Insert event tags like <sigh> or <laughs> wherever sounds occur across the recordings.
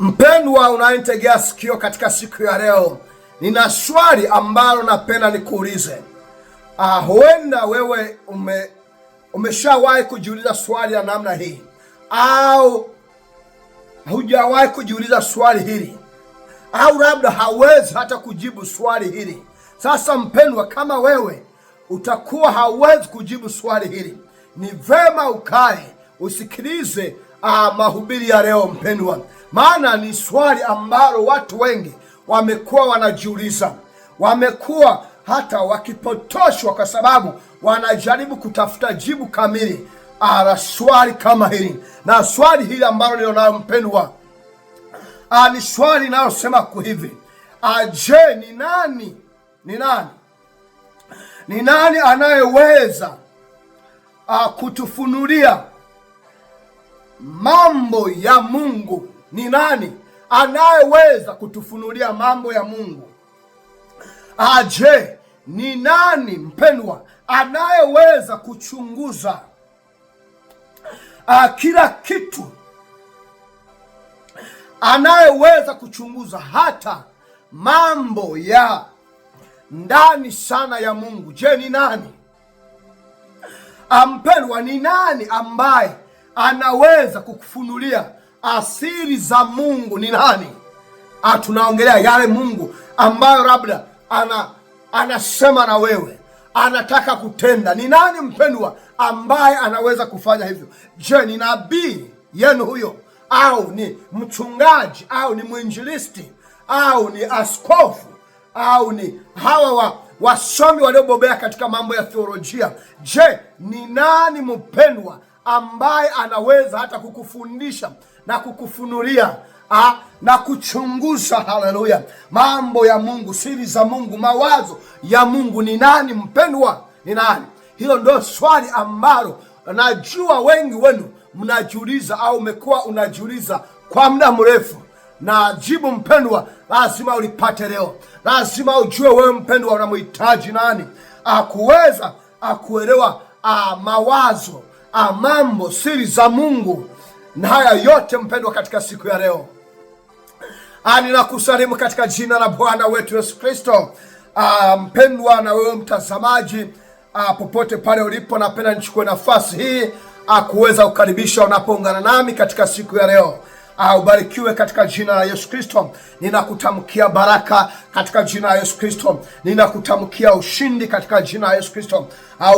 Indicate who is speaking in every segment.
Speaker 1: Mpendwa unayenitegea sikio katika siku ya leo, nina swali ambalo napenda nikuulize. Uh, huenda wewe ume, umeshawahi kujiuliza swali la namna hii au hujawahi kujiuliza swali hili au labda hauwezi hata kujibu swali hili. Sasa mpendwa, kama wewe utakuwa hauwezi kujibu swali hili, ni vema ukae usikilize uh, mahubiri ya leo mpendwa maana ni swali ambalo watu wengi wamekuwa wanajiuliza, wamekuwa hata wakipotoshwa kwa sababu wanajaribu kutafuta jibu kamili ala swali kama hili. Na swali hili ambalo nilionayo mpendwa, ah, ni swali inayosema hivi: ah, Je, ni nani ni nani ni nani anayeweza ah, kutufunulia mambo ya Mungu ni nani anayeweza kutufunulia mambo ya Mungu? Aje, ah, ni nani mpendwa, anayeweza kuchunguza uh, kila kitu, anayeweza kuchunguza hata mambo ya ndani sana ya Mungu? Je, ni nani ah, mpendwa, ni nani ambaye anaweza kukufunulia asiri za Mungu ni nani? Ah, tunaongelea yale Mungu ambayo labda ana anasema na wewe anataka kutenda. Ni nani mpendwa, ambaye anaweza kufanya hivyo? Je, ni nabii yenu huyo, au ni mchungaji, au ni mwinjilisti, au ni askofu, au ni hawa wa wasomi waliobobea katika mambo ya theolojia? Je, ni nani mpendwa, ambaye anaweza hata kukufundisha na kukufunulia Ah, na kuchunguza, haleluya, mambo ya Mungu, siri za Mungu, mawazo ya Mungu. Ni nani mpendwa? Ni nani? Hilo ndio swali ambalo najua wengi wenu mnajiuliza au umekuwa unajiuliza kwa muda mrefu, na jibu mpendwa, lazima ulipate leo. Lazima ujue wewe mpendwa unamhitaji nani akuweza akuelewa ah, mawazo, ah, mambo, siri za Mungu na haya yote mpendwa, katika siku ya leo ah, ninakusalimu katika jina la Bwana wetu Yesu Kristo. Ah, mpendwa na wewe mtazamaji, ah, popote pale ulipo, napenda nichukue nafasi hii kuweza kukaribisha unapoungana nami katika siku ya leo. Ubarikiwe katika jina la Yesu Kristo. Ninakutamkia baraka katika jina la Yesu Kristo. Ninakutamkia ushindi katika jina la Yesu Kristo.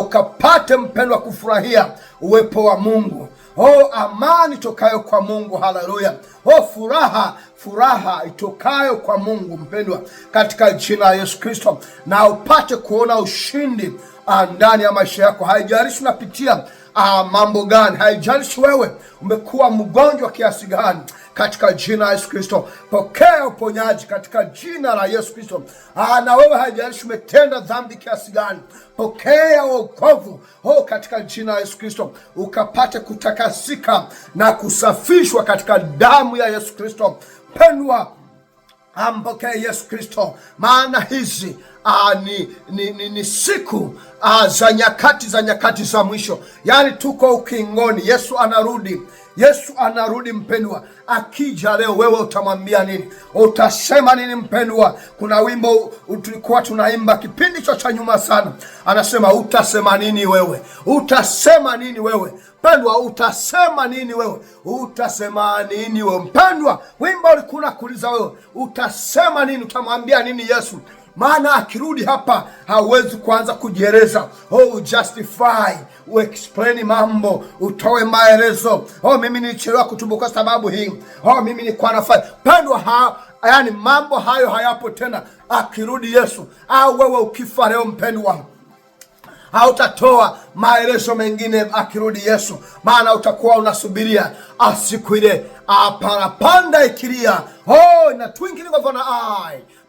Speaker 1: Ukapate mpendwa, kufurahia uwepo wa Mungu Oh, amani itokayo kwa Mungu. Haleluya! Oh, furaha furaha itokayo kwa Mungu. Mpendwa, katika jina la Yesu Kristo, na upate kuona ushindi ah, ndani ya maisha yako. Haijalishi unapitia ah, mambo gani, haijalishi wewe umekuwa mgonjwa kiasi gani katika jina la Yesu Kristo. Pokea uponyaji katika jina la Yesu Kristo. Na wewe haijalishi umetenda dhambi kiasi gani, pokea wokovu oh, katika jina la Yesu Kristo, ukapate kutakasika na kusafishwa katika damu ya Yesu Kristo. Pendwa, ampokee Yesu Kristo, maana hizi Aa, ni, ni, ni, ni siku aa, za nyakati za nyakati za mwisho, yaani tuko ukingoni. Yesu anarudi. Yesu anarudi mpendwa. Akija leo, wewe utamwambia nini? Utasema nini mpendwa? Kuna wimbo tulikuwa tunaimba kipindi cho cha nyuma sana, anasema utasema nini wewe? Utasema nini wewe mpendwa? Utasema nini wewe? Utasema nini wewe mpendwa? Wimbo ulikuwa unakuuliza wewe, utasema nini? Utamwambia nini Yesu? maana akirudi hapa hauwezi kuanza kujieleza. Oh, justify uexplain mambo, utoe maelezo. Oh, mimi nilichelewa kutubu kwa sababu hii. Oh, mimi kwa nafasi pendwa ha yaani mambo hayo hayapo tena akirudi Yesu. Au wewe ukifa leo mpendwa hautatoa maelezo mengine akirudi Yesu, maana utakuwa unasubiria asiku ah, ile aparapanda ah, ikilia oh, inatwinkilikovona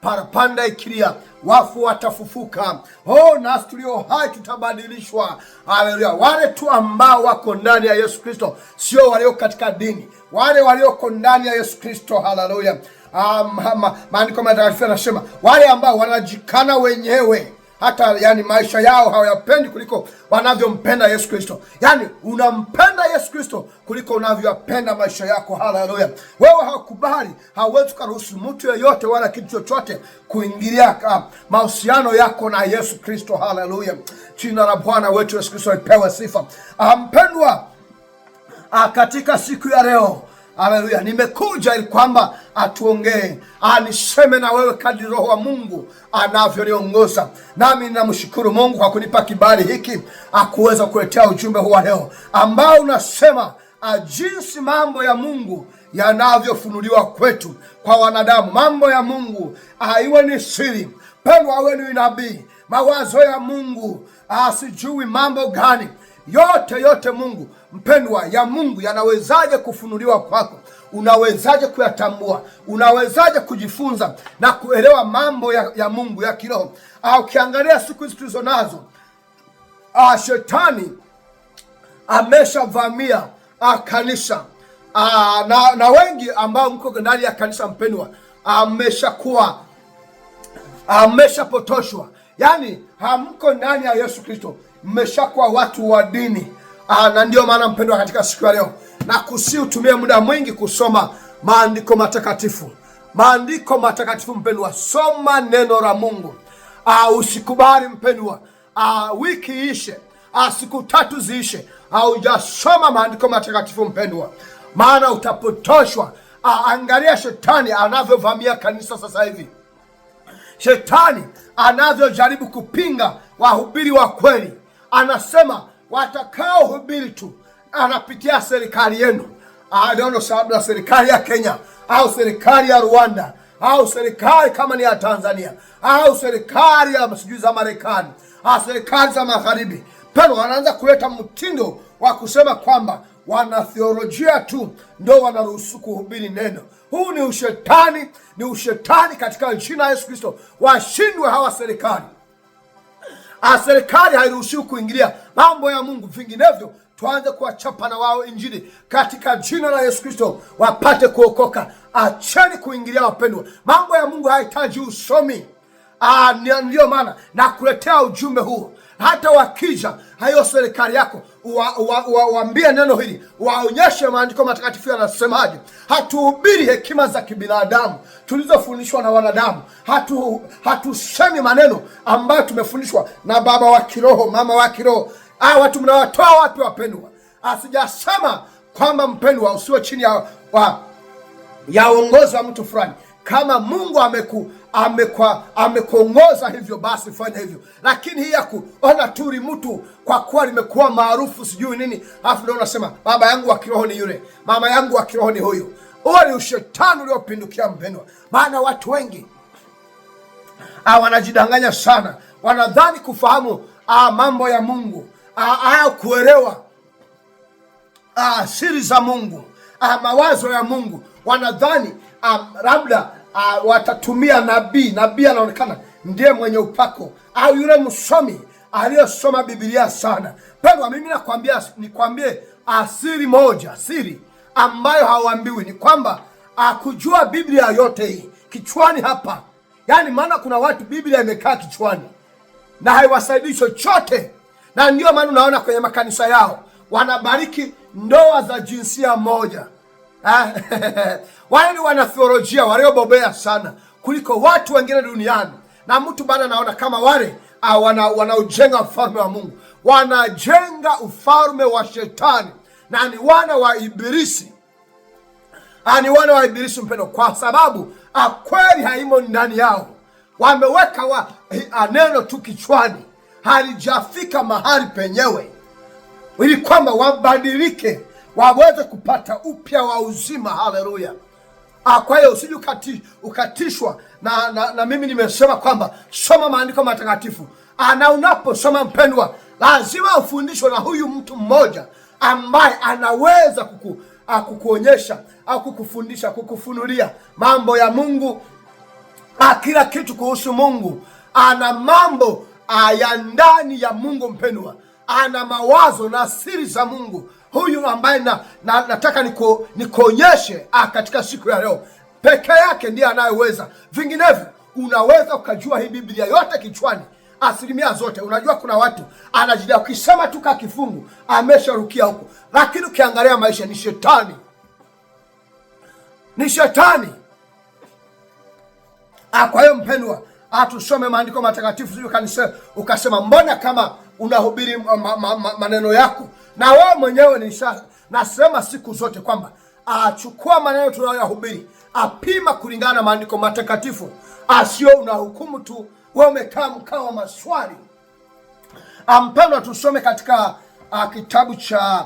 Speaker 1: parapanda ikilia wafu watafufuka. Oh, nasi tulio hai tutabadilishwa. Haleluya! Wale tu ambao wako ndani ya Yesu Kristo, sio walio katika dini, wale walioko ndani ya Yesu Kristo. Haleluya! Ah, maandiko matakatifu yanasema wale ambao wanajikana wenyewe hata yani maisha yao hawayapendi kuliko wanavyompenda Yesu Kristo. Yani unampenda Yesu Kristo kuliko unavyoyapenda maisha yako. Haleluya! Wewe hawakubali, hauwezi ukaruhusu mtu yeyote wala kitu chochote kuingilia ah, mahusiano yako na Yesu Kristo. Haleluya! Jina la Bwana wetu Yesu Kristo ipewe sifa. Ampendwa, ah, ah, katika siku ya leo Haleluya, nimekuja ili kwamba atuongee, aniseme ah, na wewe kadri Roho wa Mungu anavyoniongoza. Nami ninamshukuru Mungu kwa kunipa kibali hiki akuweza kuletea ujumbe huu wa leo ambao unasema ah, jinsi mambo ya Mungu yanavyofunuliwa kwetu kwa wanadamu. Mambo ya Mungu aiwe ah, ni siri pendwa, awe ni nabii, mawazo ya Mungu asijui mambo gani yote yote, Mungu mpendwa, ya Mungu yanawezaje kufunuliwa kwako? Unawezaje kuyatambua? Unawezaje kujifunza na kuelewa mambo ya, ya Mungu ya kiroho? Ah, ukiangalia siku hizi tulizo nazo, ah, shetani ameshavamia ah, kanisa na, na wengi ambao mko ndani ya kanisa mpendwa, ameshakuwa ameshapotoshwa, yani hamko ndani ya Yesu Kristo mmeshakuwa watu wa dini. Aa, ah, na ndio maana mpendwa, katika siku ya leo na kusi utumie muda mwingi kusoma maandiko matakatifu, maandiko matakatifu mpendwa, soma neno la Mungu. Aa, ah, usikubali mpendwa, ah, wiki ishe aa, siku tatu ziishe haujasoma maandiko matakatifu mpendwa, maana utapotoshwa. Angalia shetani anavyovamia kanisa sasa hivi, shetani anavyojaribu kupinga wahubiri wa kweli anasema watakaohubiri tu. Anapitia serikali yenu, anaona ah, sababu serikali ya Kenya au serikali ya Rwanda au serikali kama ni ya Tanzania au serikali ya sijui za Marekani au serikali za magharibi pelo wanaanza kuleta mtindo wa kusema kwamba wanatheolojia tu ndo wanaruhusu kuhubiri neno. Huu ni ushetani, ni ushetani katika jina la Yesu Kristo. Washindwe hawa serikali. Ah, serikali hairuhusiwi kuingilia mambo ya Mungu, vinginevyo tuanze kuwachapa na wao Injili katika jina la Yesu Kristo, wapate kuokoka. Acheni kuingilia wapendwa, mambo ya Mungu hayahitaji usomi. Ah, Ndiyo maana nakuletea ujumbe huo hata wakija hayo serikali yako waambie neno hili, waonyeshe maandiko matakatifu yanasemaje. Hatuhubiri hekima za kibinadamu tulizofundishwa na wanadamu, hatu hatusemi maneno ambayo tumefundishwa na baba wa kiroho, mama wa kiroho. Hawa watu mnawatoa wapi, wapendwa? Asijasema kwamba mpendwa, usio chini ya uongozi wa, wa mtu fulani. Kama Mungu ameku amekwa amekongoza hivyo basi fanya hivyo, lakini hii ya ona turi mtu kwa kuwa limekuwa maarufu sijui nini, alafu ndio unasema baba yangu wa kiroho ni yule, mama yangu wa kiroho ni huyu. Huo ni ushetani uliopindukia mpendwa, maana watu wengi ah, wanajidanganya sana, wanadhani kufahamu a, ah, mambo ya Mungu au ah, ah, kuelewa siri za Mungu a, mawazo ya Mungu wanadhani labda uh, watatumia nabii. Nabii anaonekana ndiye mwenye upako au ah, yule msomi aliyosoma Biblia sana. Pendwa, mimi nakwambia, nikwambie asiri ah, moja, asiri ambayo hauambiwi ni kwamba akujua Biblia yote hii kichwani hapa, yaani maana kuna watu Biblia imekaa kichwani na haiwasaidii chochote, na ndiyo maana unaona kwenye makanisa yao wanabariki ndoa za jinsia moja Ah, <laughs> wale ni wanathiolojia waliobobea sana kuliko watu wengine duniani, na mtu bado anaona kama wale ah, wanaojenga wana ufalme wa Mungu wanajenga ufalme wa shetani na ni wana wa Ibilisi, ah, ni wana wa Ibilisi mpendo, kwa sababu kweli haimo ndani yao. Wameweka wa, aneno tu kichwani halijafika mahali penyewe, ili kwamba wabadilike waweze kupata upya wa uzima. Haleluya! Ah, kwa hiyo usije ukati, ukatishwa na, na, na mimi nimesema kwamba soma maandiko matakatifu, ah, na unaposoma mpendwa, lazima ufundishwe na huyu mtu mmoja ambaye anaweza kuku, ah, kukuonyesha au kukufundisha, kukufunulia mambo ya Mungu, a kila kitu kuhusu Mungu. Ana mambo ya ndani ya Mungu mpendwa, ana mawazo na siri za Mungu huyu ambaye na, na, nataka nikuonyeshe ah, katika siku ya leo pekee yake ndiye anayeweza. Vinginevyo unaweza ukajua hii Biblia yote kichwani asilimia zote. Unajua, kuna watu anajidia, ukisema tu kaa kifungu amesharukia huko, lakini ukiangalia maisha ni shetani, ni shetani. Ah, kwa hiyo mpendwa, atusome ah, maandiko matakatifu, sio kanisa ukasema mbona kama unahubiri ma, ma, ma, maneno yako na wewe mwenyewe ni Nasema siku zote kwamba achukua ah, maneno tunayoyahubiri, apima ah, kulingana na maandiko matakatifu, asio ah, unahukumu tu, wewe umekaa mkao wa maswali. Ampendwa, tusome katika a, kitabu cha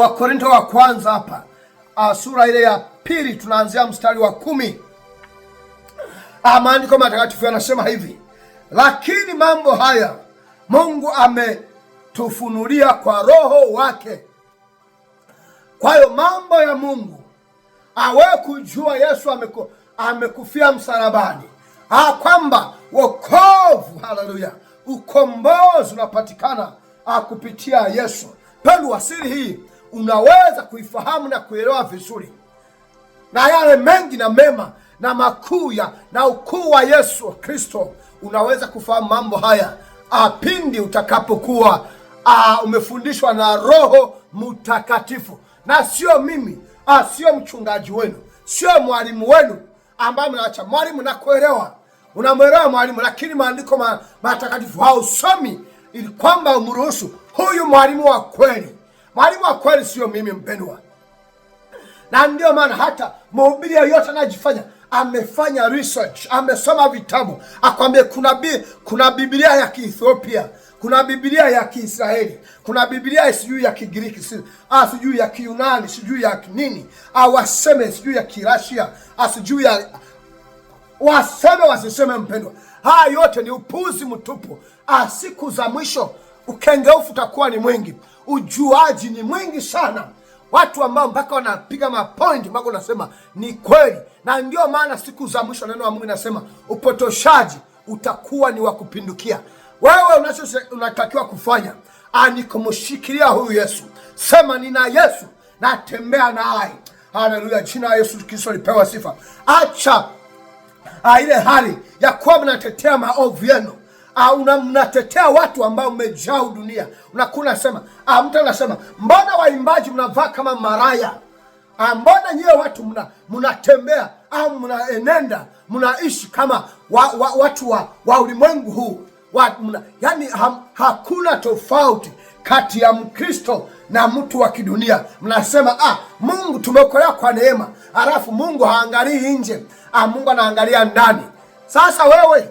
Speaker 1: Wakorinto wa kwanza hapa a, sura ile ya pili tunaanzia mstari wa kumi. Maandiko matakatifu yanasema hivi: lakini mambo haya Mungu ame tufunulia kwa Roho wake. Kwa hiyo mambo ya Mungu awe kujua Yesu ameku, amekufia msalabani, a kwamba wokovu, haleluya, ukombozi unapatikana akupitia Yesu. Pendwa, siri hii unaweza kuifahamu na kuelewa vizuri, na yale mengi na mema na makuu ya na ukuu wa Yesu Kristo, unaweza kufahamu mambo haya apindi utakapokuwa aa, ah, umefundishwa na Roho Mtakatifu na sio mimi, ah, sio mchungaji wenu, sio mwalimu wenu ambaye mnaacha mwalimu na kuelewa, unamwelewa mwalimu, lakini maandiko ma, matakatifu hausomi ili kwamba umruhusu huyu mwalimu wa kweli. Mwalimu wa kweli sio mimi mpendwa, na ndio maana hata mhubiri yoyote anajifanya amefanya research, amesoma vitabu, akwambie kuna, bi, kuna Biblia ya Kiethiopia kuna Biblia ya Kiisraeli, kuna Biblia sijui ya Kigiriki, ah, sijui ya kiunani sijui ya nini, awaseme ah, sijui ya Kirasia, ah, sijui ya waseme wasiseme. Mpendwa, haya yote ni upuzi mtupu. Ah, siku za mwisho ukengeufu utakuwa ni mwingi, ujuaji ni mwingi sana, watu ambao mpaka wanapiga mapointi mpaka unasema ni kweli. Na ndio maana siku za mwisho neno la Mungu inasema upotoshaji utakuwa ni wa kupindukia. Wewe unachotakiwa unatakiwa kufanya ah, ni kumshikilia huyu Yesu. Sema nina Yesu, natembea naye. Haleluya, jina la Yesu Kristo lipewa sifa. Acha ah, ile hali ya kuwa mnatetea maovu yenu ah, una mnatetea watu ambao mmejaa dunia. Unakuna sema mtu anasema, mbona waimbaji mnavaa kama maraya? Mbona nyiwe watu mnatembea mna au mnaenenda mnaishi kama wa, wa, watu wa, wa ulimwengu huu? wa, yani ha, hakuna tofauti kati ya Mkristo na mtu wa kidunia. Mnasema ah, Mungu tumeokolewa kwa neema, alafu Mungu haangalii nje. Ah, Mungu anaangalia ndani. Sasa wewe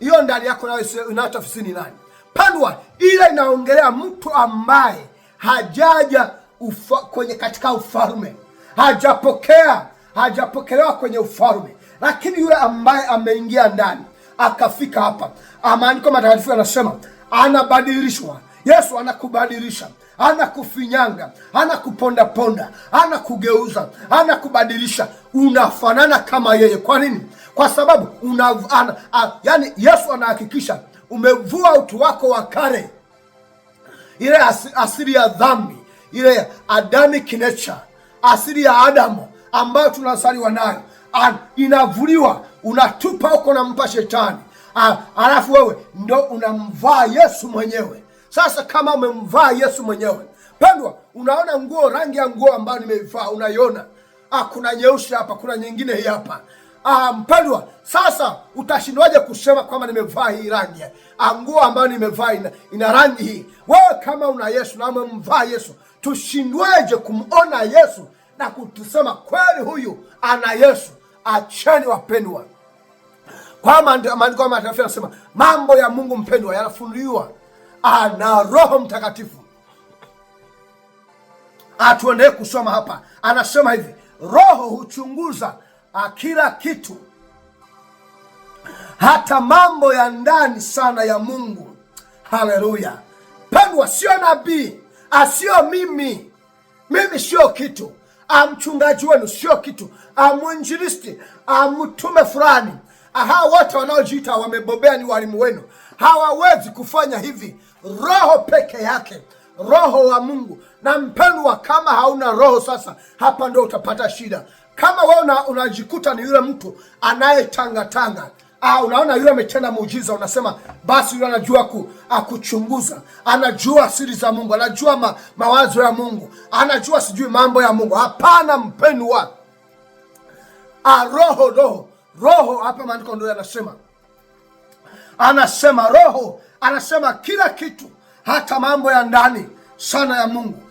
Speaker 1: hiyo ndani yako inayotafsiri ni nani? Pandwa ile inaongelea mtu ambaye hajaja ufa, kwenye katika ufalme hajapokea hajapokelewa kwenye ufalme, lakini yule ambaye ameingia ndani akafika hapa. Maandiko matakatifu yanasema anabadilishwa. Yesu anakubadilisha, anakufinyanga, anakupondaponda, anakugeuza, anakubadilisha, unafanana kama yeye. Kwa nini? Kwa sababu una, an, a, yani Yesu anahakikisha umevua utu wako wa kale, ile asili ya dhambi, ile adamic nature, asili ya Adamu ambayo tunasaliwa nayo, inavuliwa unatupa huko, nampa shetani alafu wewe ndo unamvaa Yesu mwenyewe. Sasa kama umemvaa Yesu mwenyewe, pendwa, unaona nguo, rangi ya nguo ambayo nimeivaa unaiona. Ah, kuna nyeusi hapa, kuna nyingine hii hapa. Ah, mpendwa, sasa utashindwaje kusema kwamba nimevaa hii rangi? Ah, nguo ambayo nimevaa ina, ina rangi hii. Wewe kama una Yesu na umemvaa Yesu, tushindweje kumona Yesu na kutusema kweli huyu ana Yesu? Acheni wapendwa kwa maandiko matakatifu yanasema mambo ya Mungu mpendwa yanafunuliwa ah, na Roho Mtakatifu. Atuendelee kusoma hapa, anasema hivi, Roho huchunguza ah, kila kitu, hata mambo ya ndani sana ya Mungu. Haleluya pendwa, sio nabii asio ah, mimi, mimi sio kitu, amchungaji wenu sio kitu, amwinjilisti amtume fulani Ah, hawa wote wanaojiita wamebobea ni walimu wenu, hawawezi kufanya hivi. Roho peke yake, Roho wa Mungu. Na mpendwa, kama hauna Roho sasa, hapa ndio utapata shida. Kama wewe unajikuta ni yule mtu anayetangatanga Ah, unaona yule ametenda muujiza, unasema basi yule anajua ku, kuchunguza, anajua siri za Mungu, anajua ma, mawazo ya Mungu, anajua sijui mambo ya Mungu. Hapana mpendwa, ah, roho roho Roho hapa maandiko ndio anasema, anasema Roho anasema kila kitu, hata mambo ya ndani sana ya Mungu.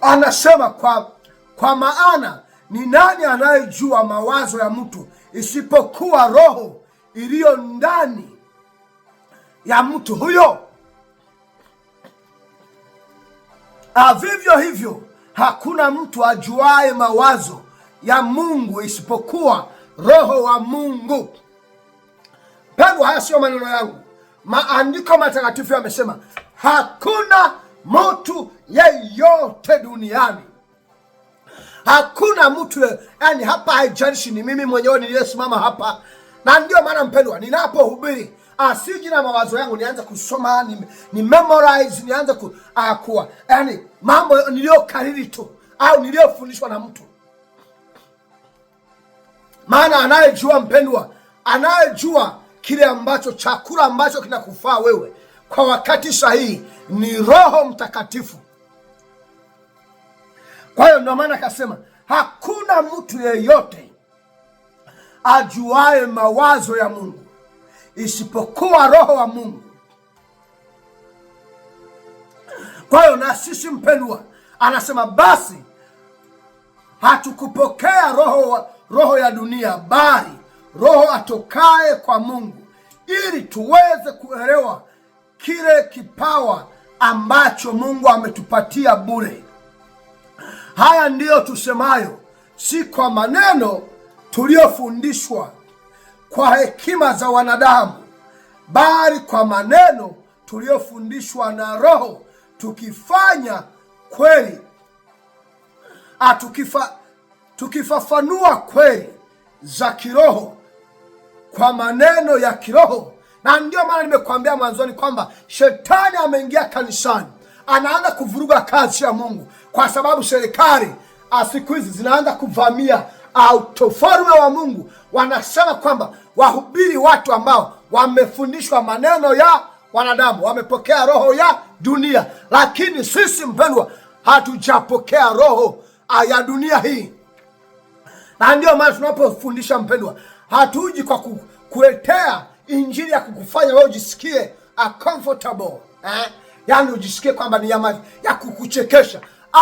Speaker 1: Anasema kwa, kwa maana ni nani anayejua mawazo ya mtu isipokuwa roho iliyo ndani ya mtu huyo? Ah, vivyo hivyo hakuna mtu ajuaye mawazo ya Mungu isipokuwa Roho wa Mungu. Pendwa, haya sio maneno yangu, maandiko matakatifu yamesema hakuna mtu yeyote duniani, hakuna mtu yani, hapa haijalishi ni mimi mwenyewe niliyesimama hapa. Na ndio maana mpendwa, ninapohubiri asiji ah, na mawazo yangu nianze kusoma ni, ni memorize nianze ku, uh, yani mambo niliyokariri tu au niliyofundishwa na mtu maana anayejua mpendwa, anayejua kile ambacho chakula ambacho kinakufaa wewe kwa wakati sahihi ni Roho Mtakatifu. Kwa hiyo ndio maana akasema hakuna mtu yeyote ajuaye mawazo ya Mungu isipokuwa Roho wa Mungu. Kwa hiyo na sisi mpendwa, anasema basi hatukupokea roho wa roho ya dunia, bali roho atokaye kwa Mungu, ili tuweze kuelewa kile kipawa ambacho Mungu ametupatia bure. Haya ndiyo tusemayo, si kwa maneno tuliyofundishwa kwa hekima za wanadamu, bali kwa maneno tuliyofundishwa na Roho, tukifanya kweli atukifa tukifafanua kweli za kiroho kwa maneno ya kiroho. Na ndio maana nimekuambia mwanzoni kwamba shetani ameingia kanisani, anaanza kuvuruga kazi ya Mungu, kwa sababu serikali siku hizi zinaanza kuvamia autofarume wa Mungu. Wanasema kwamba wahubiri watu ambao wamefundishwa maneno ya wanadamu, wamepokea roho ya dunia, lakini sisi mpendwa, hatujapokea roho ya dunia hii. Na ndio maana tunapofundisha mpendwa, hatuji kwa kuetea injili ya kukufanya wewe ujisikie a comfortable eh? Yaani ujisikie kwamba ni ya, ya kukuchekesha.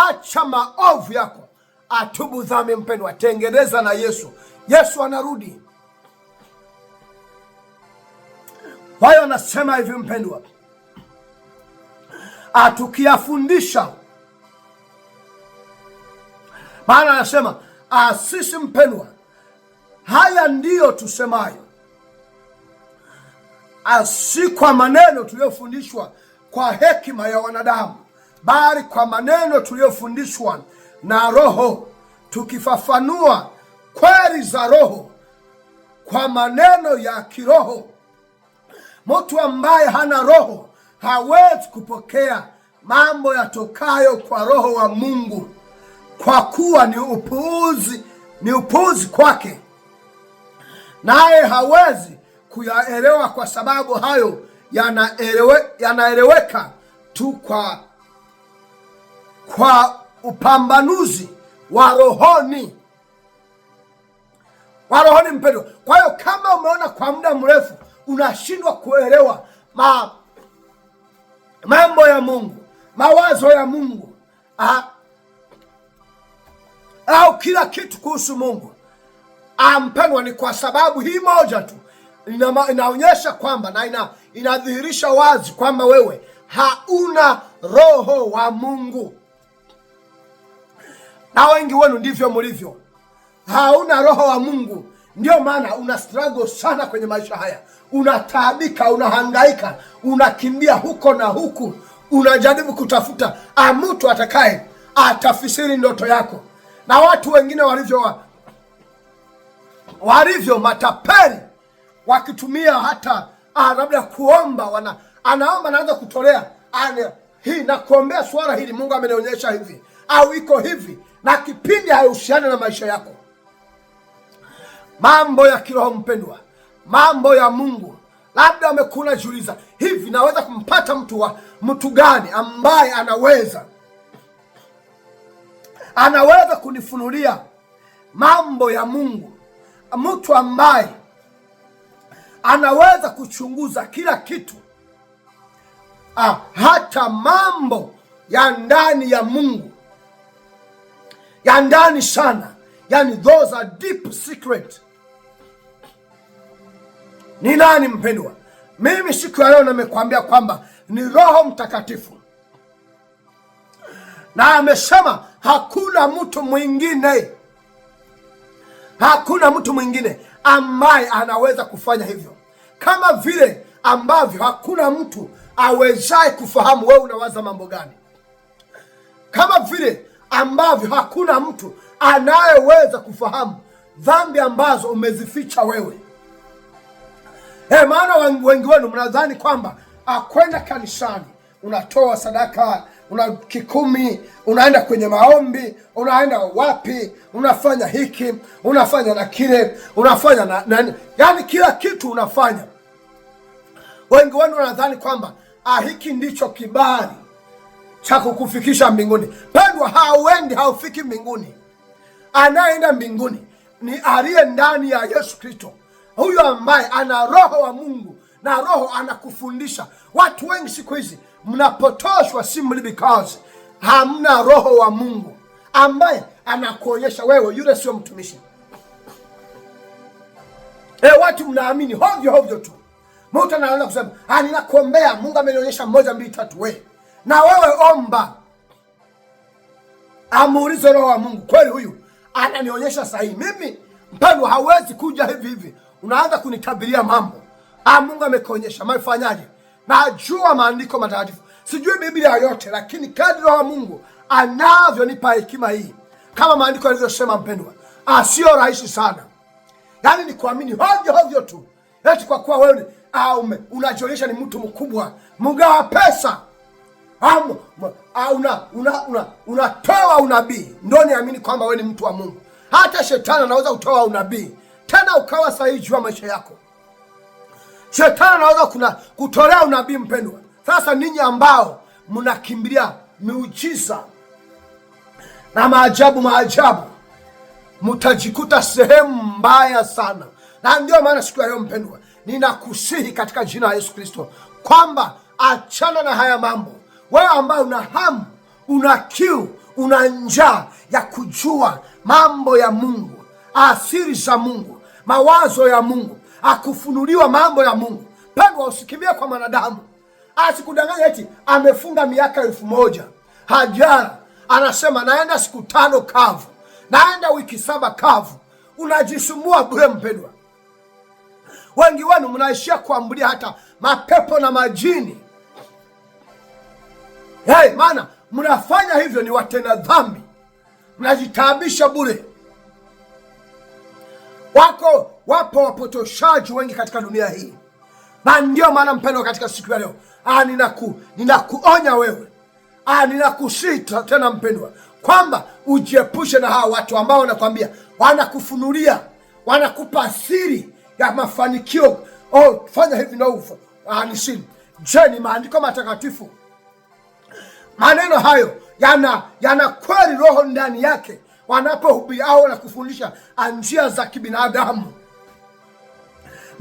Speaker 1: Acha maovu yako, atubu dhambi mpendwa, tengeneza na Yesu. Yesu anarudi. Kwa hiyo anasema hivi mpendwa, atukiyafundisha, maana anasema Ah, sisi mpendwa, haya ndiyo tusemayo, ah, si kwa maneno tuliyofundishwa kwa hekima ya wanadamu, bali kwa maneno tuliyofundishwa na Roho, tukifafanua kweli za Roho kwa maneno ya kiroho. Mtu ambaye hana Roho hawezi kupokea mambo yatokayo kwa Roho wa Mungu kwa kuwa ni upuuzi, ni upuuzi kwake, naye hawezi kuyaelewa kwa sababu hayo yanaelewe, yanaeleweka tu kwa, kwa upambanuzi wa rohoni wa rohoni, mpendo. Kwa hiyo kama umeona kwa muda mrefu unashindwa kuelewa ma, mambo ya Mungu, mawazo ya Mungu, aha au kila kitu kuhusu Mungu. Ampendwa, ni kwa sababu hii moja tu ina, inaonyesha kwamba na ina, inadhihirisha wazi kwamba wewe hauna roho wa Mungu, na wengi wenu ndivyo mlivyo, hauna roho wa Mungu. Ndio maana una struggle sana kwenye maisha haya, unataabika, unahangaika, unakimbia huko na huku, unajaribu kutafuta mtu atakaye atafisiri ndoto yako na watu wengine walivyo wa, walivyo matapeli wakitumia hata ah, labda kuomba wana, anaomba anaanza kutolea ana, hii na kuombea swala hili, Mungu amenionyesha hivi au iko hivi, na kipindi haihusiani na maisha yako. Mambo ya kiroho mpendwa, mambo ya Mungu. Labda amekuna juliza hivi, naweza kumpata mtu wa mtu gani ambaye anaweza anaweza kunifunulia mambo ya Mungu, mtu ambaye anaweza kuchunguza kila kitu ah, hata mambo ya ndani ya Mungu ya ndani sana, yani those are deep secret. Ni nani mpendwa? Mimi siku ya leo nimekuambia kwamba ni Roho Mtakatifu na amesema hakuna mtu mwingine, hakuna mtu mwingine ambaye anaweza kufanya hivyo, kama vile ambavyo hakuna mtu awezaye kufahamu wewe unawaza mambo gani, kama vile ambavyo hakuna mtu anayeweza kufahamu dhambi ambazo umezificha wewe. E, maana wengi wenu mnadhani kwamba akwenda ah, kanisani unatoa sadaka una kikumi, unaenda kwenye maombi, unaenda wapi, unafanya hiki, unafanya na kile, unafanya na nani, yani kila kitu unafanya. Wengi wenu wanadhani kwamba ah, hiki ndicho kibali cha kukufikisha mbinguni. Pendwa, hauendi haufiki mbinguni. Anayeenda mbinguni ni aliye ndani ya Yesu Kristo, huyo ambaye ana roho wa Mungu na roho anakufundisha. Watu wengi siku hizi mnapotoshwa, si because hamna roho wa Mungu ambaye anakuonyesha wewe yule sio mtumishi. E, watu mnaamini hovyo hovyo tu. Mtu anaona kusema ah, ninakuombea Mungu amenionyesha moja mbili tatu. We na wewe omba, amuulize roho wa Mungu, kweli huyu ananionyesha sahihi mimi? Mpendwa, hauwezi kuja hivi hivi unaanza kunitabiria mambo. Ah, Mungu amekuonyesha, mafanyaje? najua maandiko matakatifu, sijui Biblia yote, lakini kadri Roho wa Mungu anavyonipa hekima hii, kama maandiko yalivyosema, mpendwa, asiyo ah, rahisi sana, yaani ni kuamini hovyo hovyo tu, eti kwa kuwa wewe aume ah, unajionyesha ni mtu mkubwa, mgawa pesa, unatoa ah, una, una, una unabii, ndio niamini kwamba wewe ni mtu wa Mungu. Hata shetani anaweza kutoa unabii tena ukawa sahihi juu ya maisha yako. Shetani anaweza kuna kutolea unabii mpendwa. Sasa ninyi ambao mnakimbilia miujiza na maajabu maajabu, mtajikuta sehemu mbaya sana, na ndio maana siku ya leo mpendwa, ninakusihi katika jina la Yesu Kristo kwamba achana na haya mambo. Wewe ambao una hamu, una kiu, una njaa ya kujua mambo ya Mungu, asiri za Mungu, mawazo ya Mungu akufunuliwa mambo ya Mungu. Pendwa, usikimbie kwa mwanadamu, asikudanganya eti amefunga miaka elfu moja hajara, anasema naenda siku tano kavu, naenda wiki saba kavu. Unajisumua bure mpendwa. Wengi wenu mnaishia kuambulia hata mapepo na majini. Hey, maana mnafanya hivyo, ni watenda dhambi, mnajitaabisha bure. Wako wapo wapotoshaji wengi katika dunia hii, na ndio maana mpendwa, katika siku ya leo ah, ninaku ninakuonya wewe ah, ninakusita tena mpendwa, kwamba ujiepushe na hawa watu ambao wanakwambia, wanakufunulia, wanakupa siri ya mafanikio. Oh, fanya hivi na ufa anisini. Ah, Je, ni maandiko matakatifu maneno hayo yana yana kweli roho ndani yake, wanapohubiri au wanakufundisha njia za kibinadamu?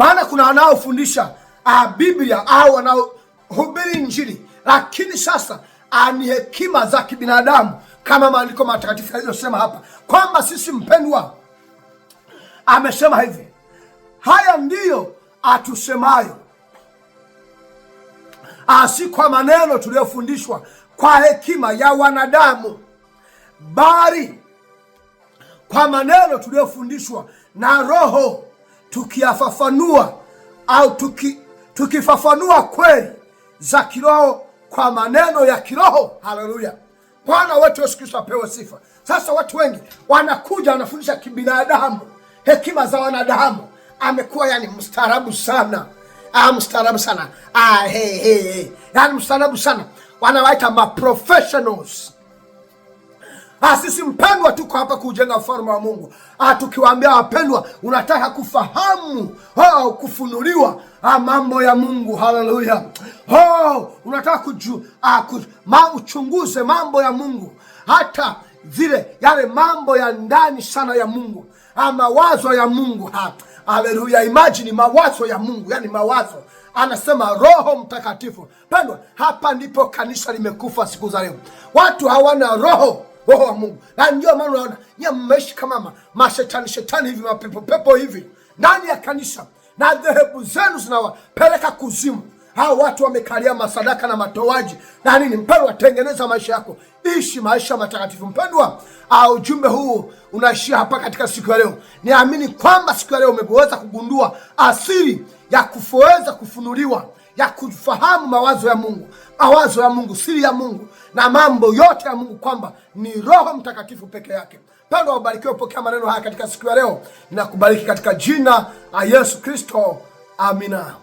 Speaker 1: Maana kuna wanaofundisha ah, Biblia au wanaohubiri Injili, lakini sasa ah, ni hekima za kibinadamu kama maandiko matakatifu yaliyosema hapa kwamba sisi, mpendwa, amesema hivi, haya ndiyo atusemayo, ah, si kwa maneno tuliyofundishwa kwa hekima ya wanadamu, bali kwa maneno tuliyofundishwa na Roho tukiyafafanua au tuki, tukifafanua kweli za kiroho kwa maneno ya kiroho. Haleluya! Bwana wetu Yesu Kristo apewe sifa. Sasa watu wengi wanakuja wanafundisha kibinadamu, hekima za wanadamu. Amekuwa yani mstaarabu sana, ah, mstaarabu sana ah, hey, hey, hey. Yani mstaarabu sana, wanawaita ma professionals Ah, sisi mpendwa, tuko hapa kujenga ufalme wa Mungu. Ah, tukiwaambia wapendwa, unataka kufahamu oh, kufunuliwa ah, mambo ya Mungu. Haleluya! Oh, unataka kuju, ah, kuj, ma, uchunguze mambo ya Mungu, hata zile yale mambo ya ndani sana ya Mungu ah, mawazo ya Mungu ha. Haleluya, imagine mawazo ya Mungu, yani mawazo anasema Roho Mtakatifu. Pendwa, hapa ndipo kanisa limekufa siku za leo, watu hawana roho Roho wa Mungu. Na ndio maana unaona nyie mmeishi mama mashetani shetani hivi mapepo pepo hivi ndani ya kanisa, na dhehebu zenu zinawapeleka kuzimu. Hao watu wamekalia masadaka na matoaji na nini. Mpendwa, tengeneza maisha yako, ishi maisha matakatifu. Mpendwa, ujumbe huu unaishia hapa katika siku ya leo. Niamini kwamba siku ya leo umeweza kugundua asiri ya kufoweza kufunuliwa ya kufahamu mawazo ya Mungu, mawazo ya Mungu, siri ya Mungu na mambo yote ya Mungu, kwamba ni Roho Mtakatifu peke yake. Pendwa, ubarikiwe, pokea maneno haya katika siku ya leo na kubariki katika jina la Yesu Kristo, amina.